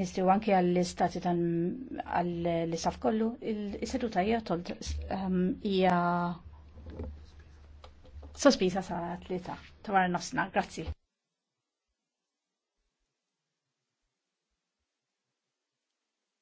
Nistiju anki għall-istati tan għall-istaf kollu, il-seduta hija tolt ehm, hija sospisa sa' atleta. Tawar nofsna, grazzi.